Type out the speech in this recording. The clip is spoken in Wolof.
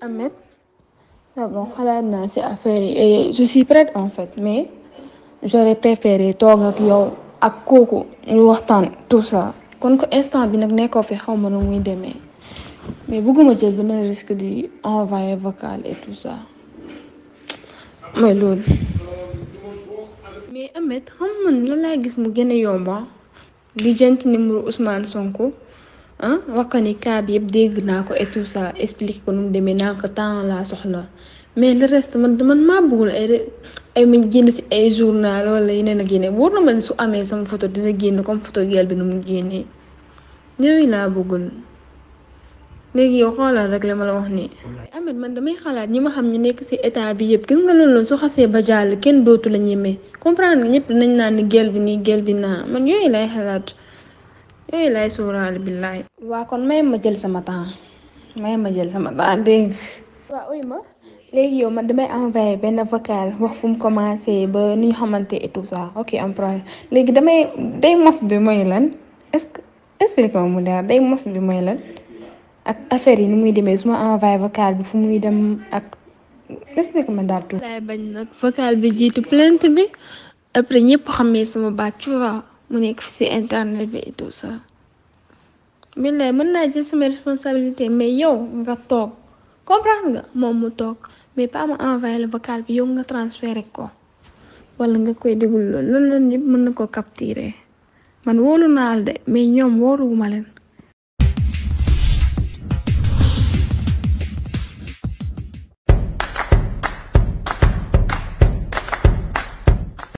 Ameth c'est bon xalaat naa ci affaire yi je suis prête en fait mais j'aurais préféré toog ak yow ak kooku ñu waxtaan tout sa kon ko instant bi nag nekkoo fi xaw ma nu muy demee mais bëgguma jël benn risque di envoyé vocal et tout ça mooy loolu. mais Ameth xam man la gis mu gën a yomba di jënt numéro Ousmane Sonko. ah wax ko ni cas yëpp dégg naa ko et tout ça ko nu mu demee naa ko temps laa soxla mais le reste man man maa bëggul ay ay ma génn si ay journal wala yeneen ak yeneen wóor na ma ne su amee sama photo dina génn comme photo gel bi nu mu génnee ñooyu laa bëggul léegi rek la la wax nii. Ameth man damay xalaat ñi ma xam ñu nekk ci état bi yëpp gis nga loolu su xasee ba jàll kenn dootu la ñeme comprendre nga ñëpp dinañ naan ni gel bi nii gel bi naa man yooyu lay xalaat. yooyu lay sóoraale billaay. waa kon may ma jël sama temps may ma jël sama temps dégg waaw ooy ma léegi yow ma damay envoyé benn vocal wax fu mu commencé ba ni ñu xamante et tout ça ok am problème léegi damay day mos bi mooy lan est-ce que explique mu leer day mos bi mooy lan ak affaire yi ni muy demee suma ma envoyé vocal bi fu muy dem ak explique ma daal tuuti. laay bañ nag vocal bi jiitu plainte après ñëpp xamee sama baat tu mu nekk fi si internet bi et tout ça. billaay mën naa jël sama responsabilité mais yow nga toog comprendre nga moom mu toog mais pas ma envoyé le vocal bi yow nga transféré ko wala nga koy déglu loolu loolu ñëpp mën na koo capturer man wolu naa la de mais ñoom wóoluwuma leen.